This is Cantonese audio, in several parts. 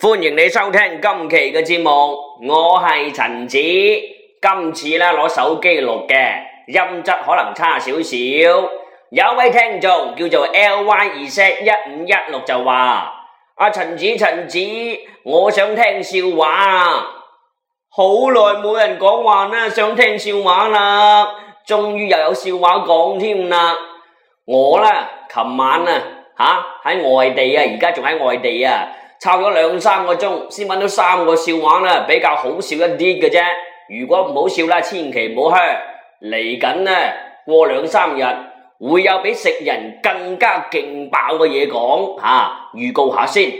歡迎你收聽今期嘅節目，我係陳子，今次啦攞手機錄嘅音質可能差少少。有位聽眾叫做 LYZ 一五一六就話：阿、啊、陳子，陳子，我想聽笑話啊！好耐冇人講話啦，想聽笑話啦，終於又有笑話講添啦。我呢，琴晚啊，吓、啊、喺外地啊，而家仲喺外地啊。抄咗兩三個鐘，先揾到三個笑話啦，比較好笑一啲嘅啫。如果唔好笑啦，千祈唔好噓。嚟緊呢，過兩三日會有比食人更加勁爆嘅嘢講吓，預告下先。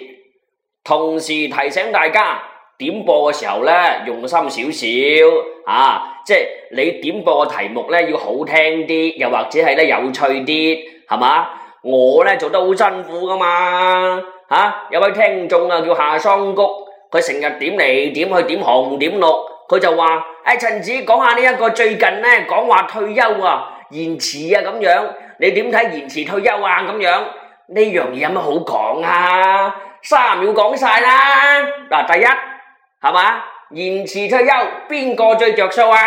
同時提醒大家點播嘅時候呢，用心少少啊，即係你點播嘅題目呢，要好聽啲，又或者係呢有趣啲，係嘛？我呢，做得好辛苦噶嘛。吓、啊，有位聽眾啊叫夏桑菊，佢成日點嚟點去點紅點綠，佢就話：哎，陳子講下呢，這、一個最近呢講話退休啊，延遲啊咁樣，你點睇延遲退休啊？咁樣呢樣嘢有乜好講啊？三秒講晒啦，嗱，第一係嘛，延遲退休邊個最着數啊？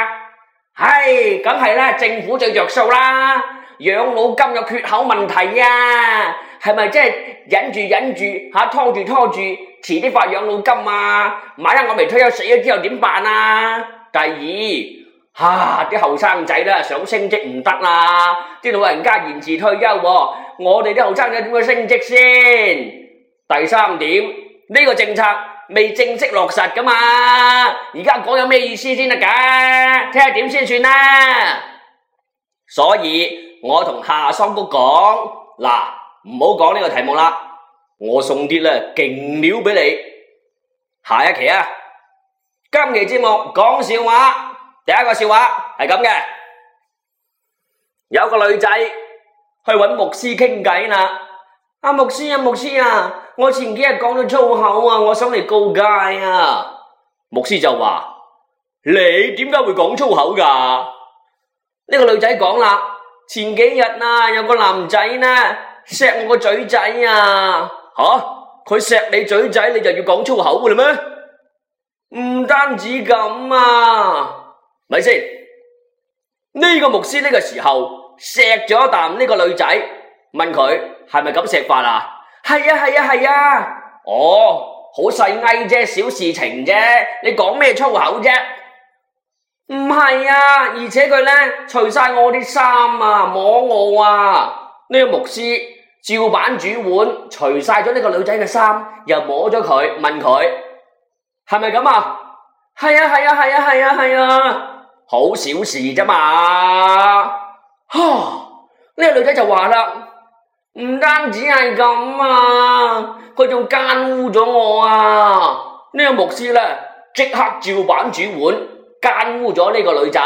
係，哎，梗係啦，政府最着數啦，養老金有缺口問題啊！係咪即係忍住忍住吓拖住拖住，遲啲發養老金啊！萬一我未退休死咗之後點辦啊？第二吓啲後生仔啦，啊、想升職唔得啦，啲老人家延遲退休、啊，我哋啲後生仔點樣升職先？第三點呢、呢個政策未正式落實噶嘛？而家講有咩意思先得噶？睇下點先算啦。所以我同夏桑菊講嗱唔好講呢個題目啦，我送啲咧勁料俾你。下一期啊，今期節目講笑話，第一個笑話係咁嘅，有個女仔去揾牧師傾偈啦，阿、啊、牧師啊，牧師啊，我前幾日講咗粗口啊，我想嚟告解啊，牧師就話，你點解會講粗口噶？呢、這個女仔講啦，前幾日啊，有個男仔呢。錫我個嘴仔啊！吓、啊，佢錫你嘴仔，你就要講粗口嘅啦咩？唔單止咁啊，咪先？呢、呢個牧師呢個時候錫咗一啖呢個女仔，問佢係咪咁錫法啊？係啊係啊係啊！哦，好細埃啫，小事情啫，你講咩粗口啫？唔係啊，而且佢咧除晒我啲衫啊，摸我啊！呢個牧師照板煮碗，除晒咗呢個女仔嘅衫，又摸咗佢，問佢係咪咁啊？係啊係啊係啊係啊係啊，啊，啊，啊，啊！好小事啫嘛，啊。哈！呢、這個女仔就話啦，唔單止係咁啊，佢仲奸污咗我啊！呢、這個牧師咧即刻照板煮碗，奸污咗呢個女仔，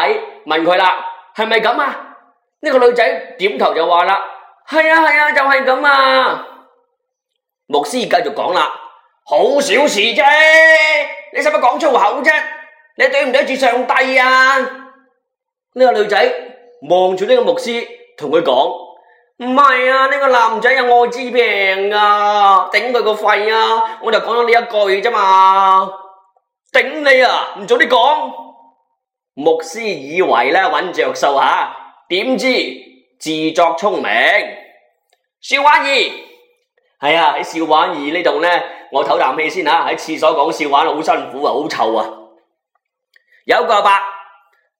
問佢啦，係咪咁啊？呢、這個女仔點頭就話啦。係啊係啊，就係、是、咁啊！牧師繼續講啦，好小事啫，你使乜使講粗口啫？你對唔對得住上帝啊？呢個女仔望住呢個牧師，同佢講：唔係啊，呢、這個男仔有愛滋病啊，頂佢個肺啊！我就講咗你一句啫嘛，頂你啊！唔早啲講，牧師以為咧穩着數吓、啊，點知？自作聰明，笑話二係啊，喺笑話二呢度呢，我唞啖氣先吓，喺廁所講笑話好辛苦啊，好臭啊！有個阿伯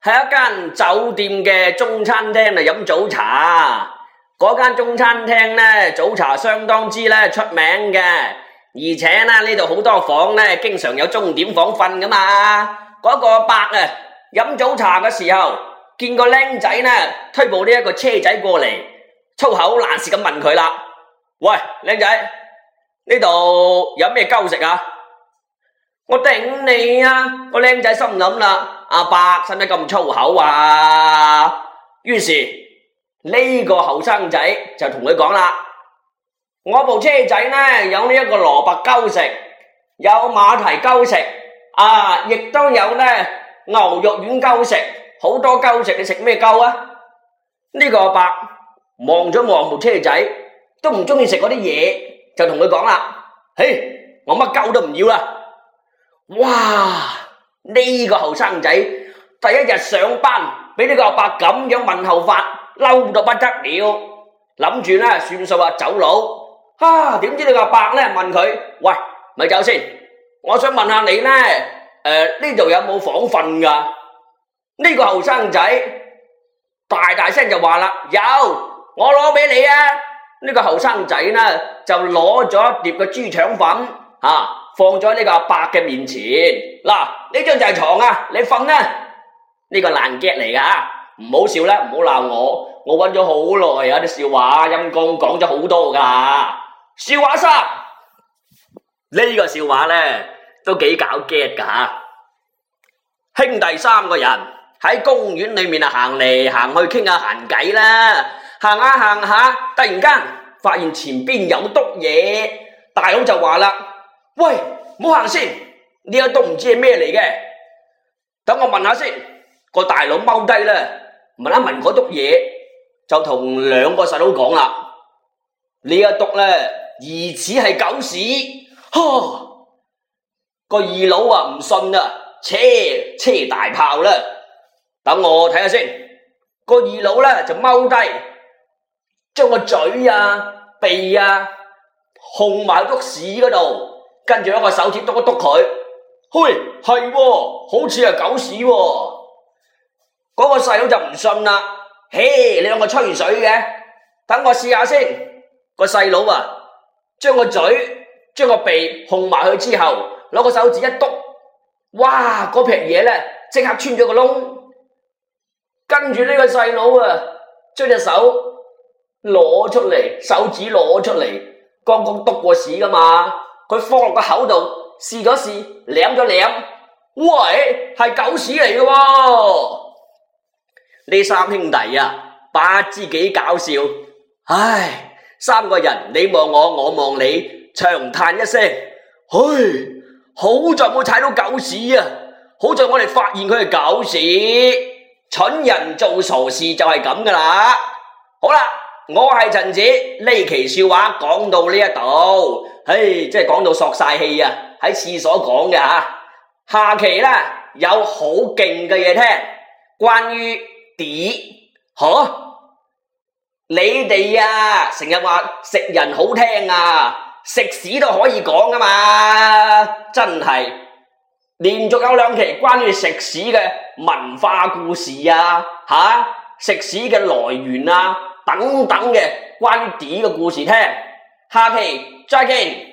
喺一間酒店嘅中餐廳嚟，飲早茶，嗰間中餐廳呢，早茶相當之呢出名嘅，而且呢呢度好多房呢，經常有鐘點房瞓㗎嘛。嗰、那個阿伯啊飲早茶嘅時候。見個靚仔呢，推部呢一個車仔過嚟，粗口爛舌咁問佢啦。喂，靚仔，呢度有咩鳩食啊？我頂你啊！個靚仔心諗啦，阿伯使唔使咁粗口啊？於是呢個後生仔就同佢講啦：我部車仔呢，有呢一個蘿蔔鳩食，有馬蹄鳩食，啊，亦都有呢牛肉丸鳩食。好多鳩食，你食咩鳩啊？呢個阿伯望咗望部車仔，都唔中意食嗰啲嘢，就同佢講啦：，嘿，我乜鳩都唔要啦！哇，呢個後生仔第一日上班，俾呢個阿伯咁樣問候法，嬲到不得了，諗住咧算數啦，走佬。啊，點知呢個阿伯咧問佢：，喂，咪走先，我想問下你咧，誒，呢度有冇房瞓噶？呢個後生仔大大聲就話啦：，有我攞俾你啊！呢、這個後生仔呢就攞咗一碟嘅豬腸粉，吓、啊、放咗呢個阿伯嘅面前。嗱、啊，呢張就係床啊，你瞓啊！呢、這個爛 gag 嚟噶，唔好笑啦，唔好鬧我，我揾咗好耐啊啲笑話，陰公講咗好多噶，笑話三呢、這個笑話呢都幾搞 gag 噶，兄弟三個人。喺公園裏面啊，行嚟行去傾下閒偈啦，行下行下，突然間發現前邊有督嘢，大佬就話啦：，喂，唔好行先，呢、個督唔知係咩嚟嘅，等我問下先。個大佬踎低啦，聞一聞嗰督嘢，就同兩個細佬講啦：，呢個、呢啊督咧，疑似係狗屎，呵。個二佬啊唔信啊，車車大炮啦。等我睇下先，個二佬呢，就踎低，將個嘴啊、鼻啊控埋喐屎嗰度，跟住攞個手指篤一篤佢。嘿，係喎，好似係狗屎喎。嗰個細佬就唔信啦。嘿，你兩個吹完水嘅，等我試下先。個細佬啊，將個嘴、將個鼻控埋去之後，攞個手指一篤，哇，嗰撇嘢呢，即刻穿咗個窿。跟住呢個細佬啊，將隻手攞出嚟，手指攞出嚟，剛剛篤過屎噶嘛，佢放落個口度試咗試，舐咗舐，喂，係狗屎嚟噶喎！呢三兄弟啊，把自己搞笑，唉，三個人你望我，我望你，長嘆一聲，唉，好在冇踩到狗屎啊，好在我哋發現佢係狗屎。蠢人做傻事就係咁噶啦，好啦，我係陳子呢期笑話講到呢一度，唉，真係講到索晒氣啊，喺廁所講嘅吓，下期咧有好勁嘅嘢聽，關於屎，吓？你哋啊成日話食人好聽啊，食屎都可以講噶嘛，真係。連續有兩期關於食屎嘅文化故事啊，吓，食屎嘅來源啊等等嘅關於屎嘅故事聽，下期再見。